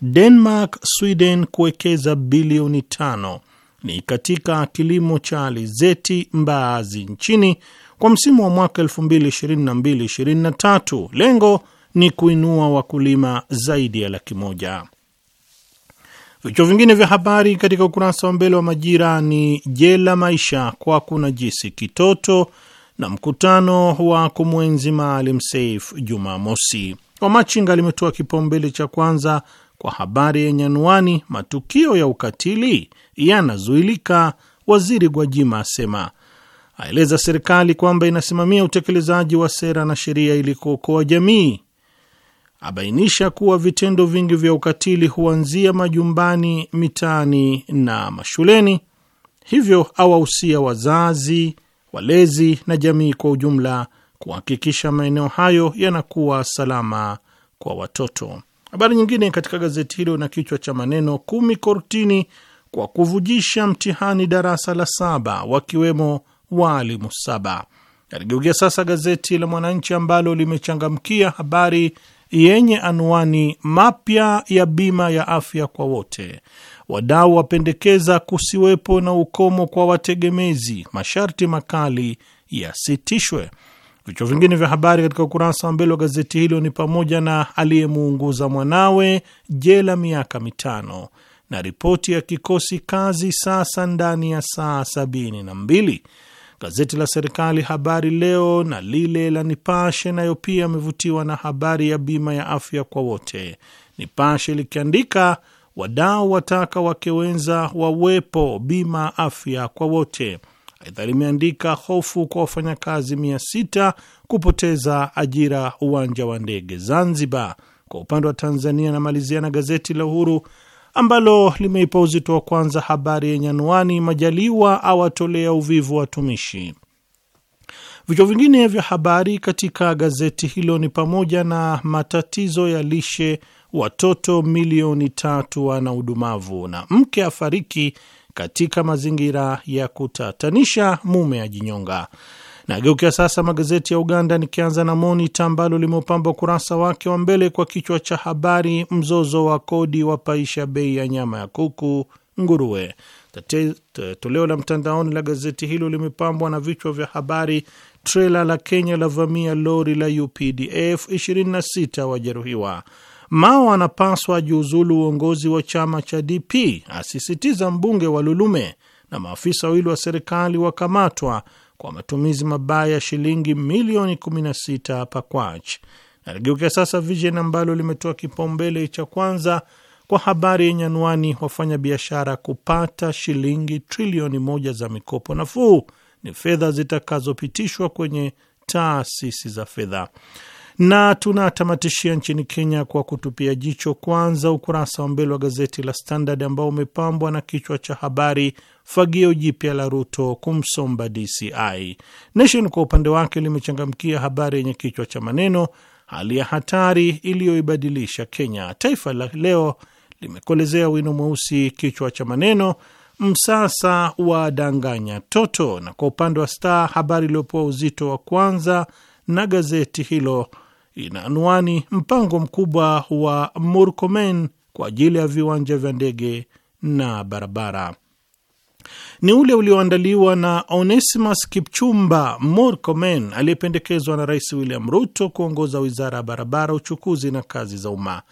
Denmark Sweden kuwekeza bilioni tano ni katika kilimo cha alizeti mbaazi nchini kwa msimu wa mwaka 2022 Lengo ni kuinua wakulima zaidi ya laki moja. Vichwa vingine vya habari katika ukurasa wa mbele wa Majira ni jela maisha kwa kunajisi kitoto na mkutano wa kumwenzi Maalim Seif Jumamosi. Wamachinga limetoa kipaumbele cha kwanza kwa habari yenye anwani matukio ya ukatili yanazuilika, Waziri Gwajima asema, aeleza serikali kwamba inasimamia utekelezaji wa sera na sheria ili kuokoa jamii, abainisha kuwa vitendo vingi vya ukatili huanzia majumbani, mitaani na mashuleni, hivyo awahusia wazazi, walezi na jamii kwa ujumla kuhakikisha maeneo hayo yanakuwa salama kwa watoto. Habari nyingine katika gazeti hilo na kichwa cha maneno kumi kortini kwa kuvujisha mtihani darasa la saba wakiwemo waalimu saba. Aligeukia sasa gazeti la Mwananchi ambalo limechangamkia habari yenye anwani mapya ya bima ya afya kwa wote. Wadau wapendekeza kusiwepo na ukomo kwa wategemezi, masharti makali yasitishwe. Vichwa vingine vya habari katika ukurasa wa mbele wa gazeti hilo ni pamoja na aliyemuunguza mwanawe jela miaka mitano na ripoti ya kikosi kazi sasa ndani ya saa sabini na mbili. Gazeti la serikali Habari Leo na lile la Nipashe nayo pia yamevutiwa na habari ya bima ya afya kwa wote. Nipashe likiandika wadau wataka wake wenza wawepo bima afya kwa wote. Aidha limeandika hofu kwa wafanyakazi mia sita kupoteza ajira uwanja wa ndege Zanzibar. Kwa upande wa Tanzania, namalizia na gazeti la Uhuru ambalo limeipa uzito wa kwanza habari yenye anwani Majaliwa awatolea uvivu watumishi. Vichwa vingine vya habari katika gazeti hilo ni pamoja na matatizo ya lishe, watoto milioni tatu wana udumavu, na mke afariki katika mazingira ya kutatanisha, mume ajinyonga. Nageukia sasa magazeti ya Uganda, nikianza na Monita ambalo limeupamba ukurasa wake wa mbele kwa kichwa cha habari, mzozo wa kodi wapaisha bei ya nyama ya kuku, nguruwe. Toleo la mtandaoni la gazeti hilo limepambwa na vichwa vya habari, trela la Kenya lavamia lori la UPDF, 26 wajeruhiwa Mao anapaswa jiuzulu uongozi wa chama cha DP asisitiza mbunge wa Lulume, na maafisa wawili wa serikali wakamatwa kwa matumizi mabaya ya shilingi milioni 16 hapa Kwach. Naligeukia sasa Vision ambalo limetoa kipaumbele cha kwanza kwa habari yenye anwani wafanyabiashara kupata shilingi trilioni moja za mikopo nafuu, ni fedha zitakazopitishwa kwenye taasisi za fedha na tunatamatishia nchini Kenya kwa kutupia jicho kwanza ukurasa wa mbele wa gazeti la Standard ambao umepambwa na kichwa cha habari fagio jipya la Ruto kumsomba DCI. Nation kwa upande wake limechangamkia habari yenye kichwa cha maneno hali ya hatari iliyoibadilisha Kenya. Taifa la Leo limekolezea wino mweusi kichwa cha maneno msasa wa danganya toto, na kwa upande wa Star habari iliyopewa uzito wa kwanza na gazeti hilo ina anwani mpango mkubwa wa Murkomen kwa ajili ya viwanja vya ndege na barabara. Ni ule ulioandaliwa na Onesimus Kipchumba Murkomen aliyependekezwa na Rais William Ruto kuongoza wizara ya barabara, uchukuzi na kazi za umma.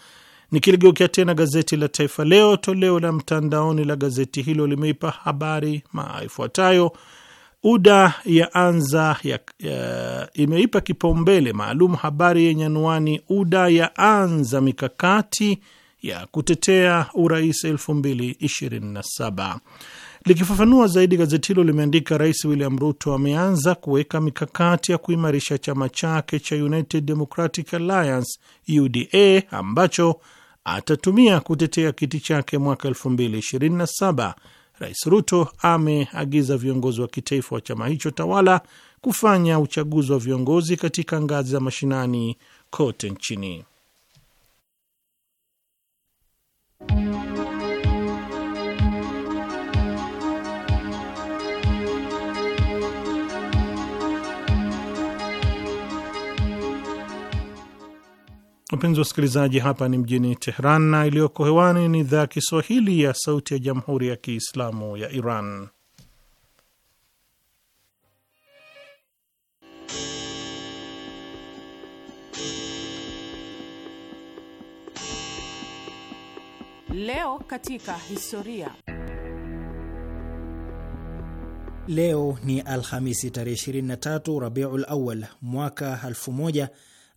Nikiligeukia tena gazeti la Taifa Leo, toleo la mtandaoni la gazeti hilo limeipa habari ifuatayo UDA ya anza ya, ya, imeipa kipaumbele maalum habari yenye anwani UDA ya anza mikakati ya kutetea urais 2027. Likifafanua zaidi, gazeti hilo limeandika, Rais William Ruto ameanza kuweka mikakati ya kuimarisha chama chake cha United Democratic Alliance UDA ambacho atatumia kutetea kiti chake mwaka 2027 Rais Ruto ameagiza viongozi wa kitaifa wa chama hicho tawala kufanya uchaguzi wa viongozi katika ngazi za mashinani kote nchini. Wapenzi wasikilizaji, hapa ni mjini Tehran na iliyoko hewani ni idhaa ya Kiswahili ya Sauti ya Jamhuri ya Kiislamu ya Iran. Leo katika historia. Leo ni Alhamisi tarehe 23 Rabiul Awal mwaka 1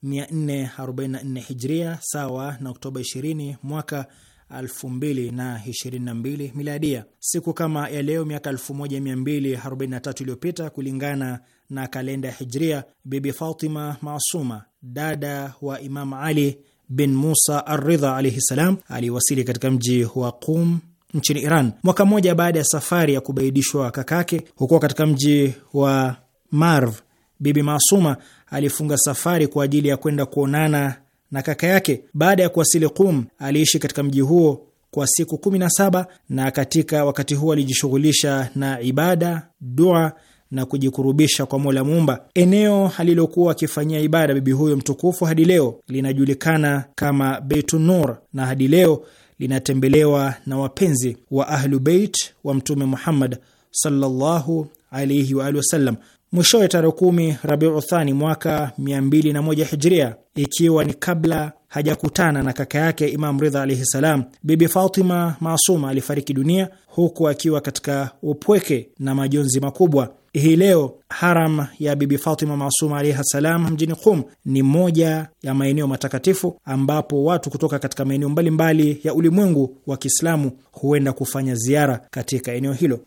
444 hijria sawa na Oktoba 20 mwaka 2022 miladia. Siku kama ya leo miaka 1243 iliyopita kulingana na kalenda ya hijria, Bibi Fatima Masuma, dada wa Imam Ali bin Musa Arridha alaihi ssalam, aliwasili katika mji wa Qum nchini Iran mwaka mmoja baada ya safari ya kubaidishwa kakake. Hukuwa katika mji wa Marv, Bibi Masuma alifunga safari kwa ajili ya kwenda kuonana na kaka yake. Baada ya kuwasili Qum, aliishi katika mji huo kwa siku 17 na katika wakati huo alijishughulisha na ibada, dua na kujikurubisha kwa Mola Muumba. Eneo alilokuwa akifanyia ibada bibi huyo mtukufu hadi leo linajulikana kama Beitun Nur na hadi leo linatembelewa na wapenzi wa Ahlu Beit wa Mtume Muhammad sallallahu alaihi wa alihi wasallam. Mwishowe tarehe kumi Rabiu Thani mwaka 201 Hijria, ikiwa ni kabla hajakutana na kaka yake Imam Ridha alaihi salam, Bibi Fatima Masuma alifariki dunia huku akiwa katika upweke na majonzi makubwa. Hii leo haram ya Bibi Fatima Masuma alaihi salam mjini Qum ni moja ya maeneo matakatifu ambapo watu kutoka katika maeneo mbalimbali ya ulimwengu wa Kiislamu huenda kufanya ziara katika eneo hilo.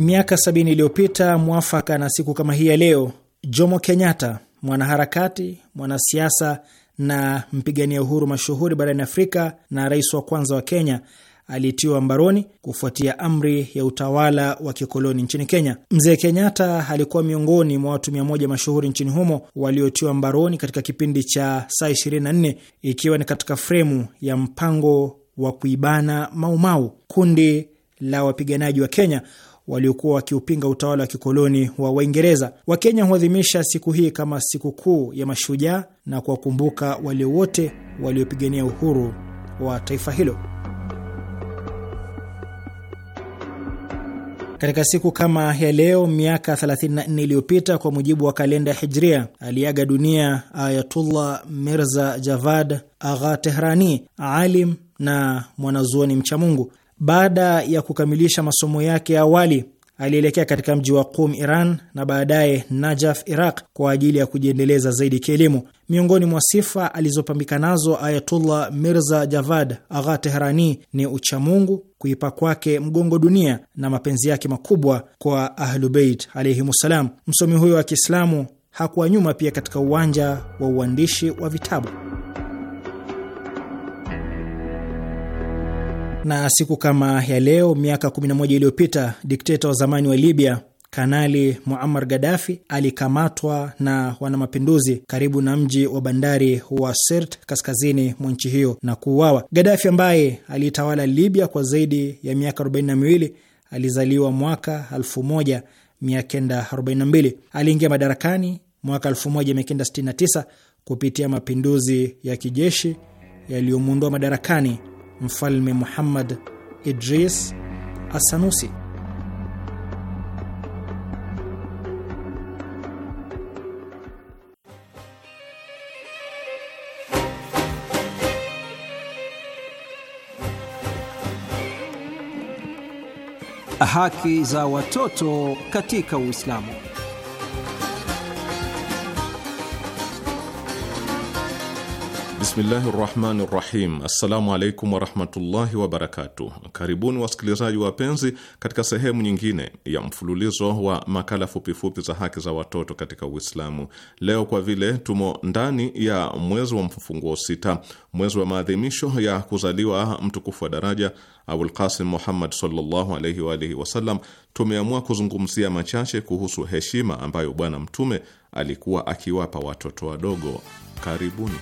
Miaka sabini iliyopita mwafaka na siku kama hii ya leo, Jomo Kenyatta, mwanaharakati, mwanasiasa na mpigania uhuru mashuhuri barani Afrika na rais wa kwanza wa Kenya alitiwa mbaroni kufuatia amri ya utawala wa kikoloni nchini Kenya. Mzee Kenyatta alikuwa miongoni mwa watu mia moja mashuhuri nchini humo waliotiwa mbaroni katika kipindi cha saa 24 ikiwa ni katika fremu ya mpango wa kuibana Maumau, kundi la wapiganaji wa Kenya waliokuwa wakiupinga utawala wa kikoloni wa Waingereza. Wakenya huadhimisha siku hii kama sikukuu ya mashujaa na kuwakumbuka wale wote waliopigania uhuru wa taifa hilo. Katika siku kama ya leo miaka 34 iliyopita kwa mujibu wa kalenda Hijria, aliaga dunia Ayatullah Mirza Javad Agha Tehrani, alim na mwanazuoni mchamungu baada ya kukamilisha masomo yake ya awali, alielekea katika mji wa Qum, Iran na baadaye Najaf, Iraq kwa ajili ya kujiendeleza zaidi kielimu. Miongoni mwa sifa alizopambika nazo Ayatullah Mirza Javad Agha Tehrani ni uchamungu, kuipa kwake mgongo dunia na mapenzi yake makubwa kwa Ahlubeit alaihimussalam. Msomi huyo wa Kiislamu hakuwa nyuma pia katika uwanja wa uandishi wa vitabu. Na siku kama ya leo miaka 11 iliyopita dikteta wa zamani wa Libya Kanali Muammar Gaddafi alikamatwa na wanamapinduzi karibu na mji wa bandari wa Sirte kaskazini mwa nchi hiyo na kuuawa. Gaddafi ambaye alitawala Libya kwa zaidi ya miaka 42 alizaliwa mwaka 1942. Aliingia madarakani mwaka 1969 kupitia mapinduzi ya kijeshi yaliyomuondoa madarakani Mfalme Muhammad Idris Asanusi. Haki za watoto katika Uislamu. Bismillahi rahmani rahim. Assalamu alaikum warahmatullahi wabarakatuh. Karibuni wasikilizaji wapenzi, katika sehemu nyingine ya mfululizo wa makala fupifupi za haki za watoto katika Uislamu. Leo kwa vile tumo ndani ya mwezi wa mfufunguo sita, mwezi wa maadhimisho ya kuzaliwa mtukufu wa daraja Abul Muhammad sallallahu alaihi wa alihi wasallam, tumeamua kuzungumzia machache kuhusu heshima ambayo Bwana Mtume alikuwa akiwapa watoto wadogo. Karibuni.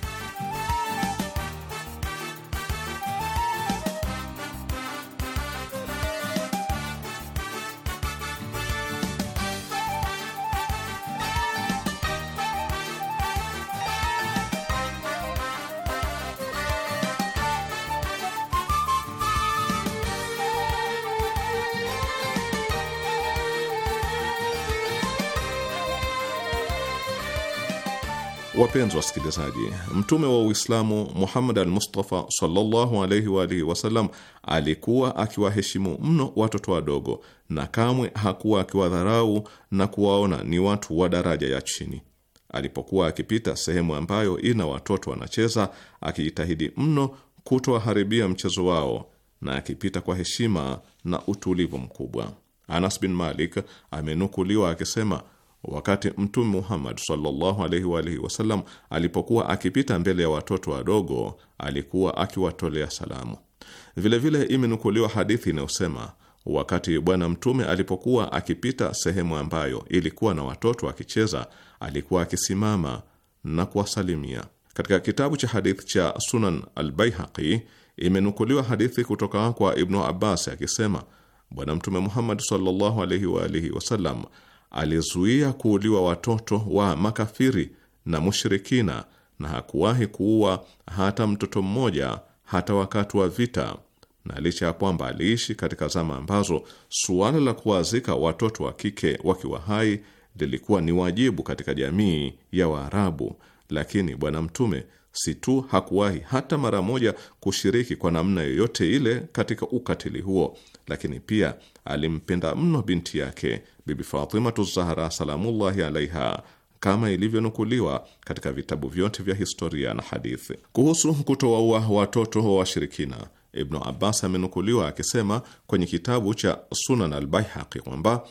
Wapenzi wasikilizaji, mtume wa Uislamu Muhammad al-Mustafa sallallahu wa alihi wasallam alikuwa akiwaheshimu mno watoto wadogo na kamwe hakuwa akiwadharau na kuwaona ni watu wa daraja ya chini. Alipokuwa akipita sehemu ambayo ina watoto wanacheza, akijitahidi mno kutowaharibia mchezo wao na akipita kwa heshima na utulivu mkubwa. Anas bin Malik amenukuliwa akisema Wakati Mtume Muhammad sallallahu alaihi wa alihi wasallam alipokuwa akipita mbele ya watoto wadogo, alikuwa akiwatolea salamu. Vilevile imenukuliwa hadithi inayosema wakati Bwana Mtume alipokuwa akipita sehemu ambayo ilikuwa na watoto akicheza, alikuwa akisimama na kuwasalimia. Katika kitabu cha hadithi cha Sunan Albaihaqi imenukuliwa hadithi kutoka kwa Ibnu Abbas akisema Bwana Mtume Muhammad sallallahu alaihi wa alihi wasallam alizuia kuuliwa watoto wa makafiri na mushirikina na hakuwahi kuua hata mtoto mmoja hata wakati wa vita, na licha ya kwamba aliishi katika zama ambazo suala la kuwazika watoto wa kike wakiwa hai lilikuwa ni wajibu katika jamii ya Waarabu, lakini Bwana Mtume si tu hakuwahi hata mara moja kushiriki kwa namna yoyote ile katika ukatili huo, lakini pia alimpenda mno binti yake Bibi Fatimatu Zahra salamullahi alaiha kama ilivyonukuliwa katika vitabu vyote vya historia na hadithi. Kuhusu kutowaua watoto wa washirikina, Ibnu Abbas amenukuliwa akisema kwenye kitabu cha Sunan Albaihaqi kwamba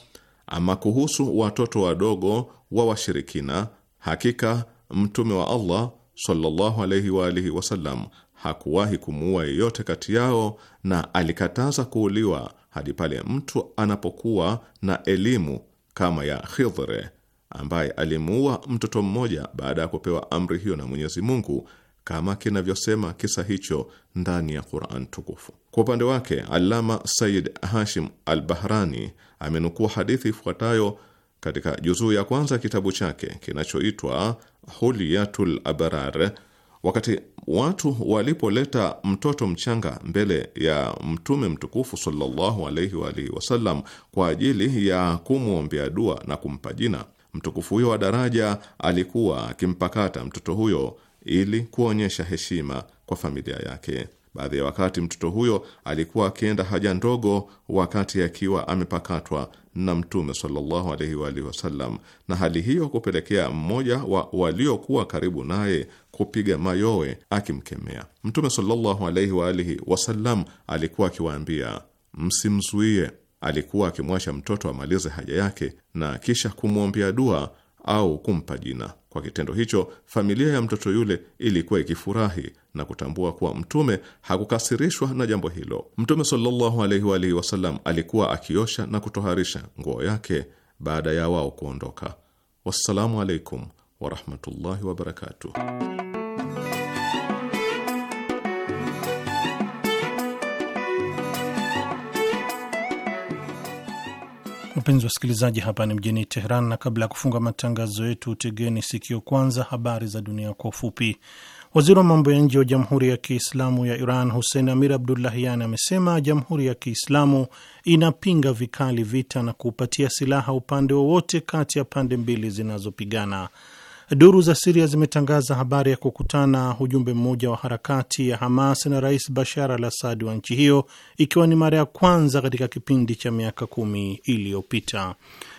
ama kuhusu watoto wadogo wa washirikina, hakika Mtume wa Allah sallallahu alayhi wa alihi wasallam hakuwahi kumuua yeyote kati yao na alikataza kuuliwa hadi pale mtu anapokuwa na elimu kama ya Khidhre ambaye alimuua mtoto mmoja baada ya kupewa amri hiyo na Mwenyezi Mungu kama kinavyosema kisa hicho ndani ya Quran tukufu. Kwa upande wake, alama said Hashim al-Bahrani amenukua hadithi ifuatayo katika juzuu ya kwanza kitabu chake kinachoitwa Huliyatul Abrar Wakati watu walipoleta mtoto mchanga mbele ya Mtume mtukufu sallallahu alaihi wa alihi wasallam kwa ajili ya kumwombea dua na kumpa jina, mtukufu huyo wa daraja alikuwa akimpakata mtoto huyo ili kuonyesha heshima kwa familia yake. Baadhi ya wakati mtoto huyo alikuwa akienda haja ndogo wakati akiwa amepakatwa na Mtume sallallahu alaihi wa alihi wasallam, na hali hiyo kupelekea mmoja wa waliokuwa karibu naye kupiga mayowe akimkemea Mtume sallallahu alaihi wa alihi wasallam. Alikuwa akiwaambia msimzuie. Alikuwa akimwacha mtoto amalize haja yake na kisha kumwombea dua au kumpa jina. Kwa kitendo hicho, familia ya mtoto yule ilikuwa ikifurahi na kutambua kuwa Mtume hakukasirishwa na jambo hilo. Mtume sallallahu alaihi wa alihi wasallam alikuwa akiosha na kutoharisha nguo yake baada ya wao kuondoka. Wassalamu alaikum warahmatullahi wabarakatuh. Wapenzi wasikilizaji, hapa ni mjini Teheran, na kabla ya kufunga matangazo yetu, tegeni sikio kwanza habari za dunia kwa ufupi. Waziri wa mambo ya nje wa Jamhuri ya Kiislamu ya Iran Hussein Amir Abdullahian amesema Jamhuri ya Kiislamu inapinga vikali vita na kuupatia silaha upande wowote kati ya pande mbili zinazopigana. Duru za Siria zimetangaza habari ya kukutana ujumbe mmoja wa harakati ya Hamas na Rais Bashar al Assad wa nchi hiyo, ikiwa ni mara ya kwanza katika kipindi cha miaka kumi iliyopita.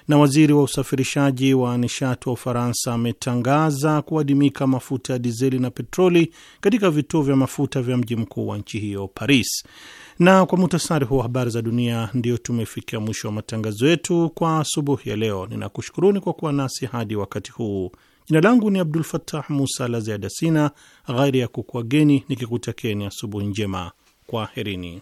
Na waziri wa usafirishaji wa nishati wa Ufaransa ametangaza kuadimika mafuta ya dizeli na petroli katika vituo vya mafuta vya mji mkuu wa nchi hiyo Paris. Na kwa muhtasari huu wa habari za dunia, ndiyo tumefikia mwisho wa matangazo yetu kwa asubuhi ya leo. Ninakushukuruni kwa kuwa nasi hadi wakati huu. Jina langu ni Abdul Fattah Musa la ziada sina ghairi ya kukuageni nikikutakeni asubuhi njema. Kwaherini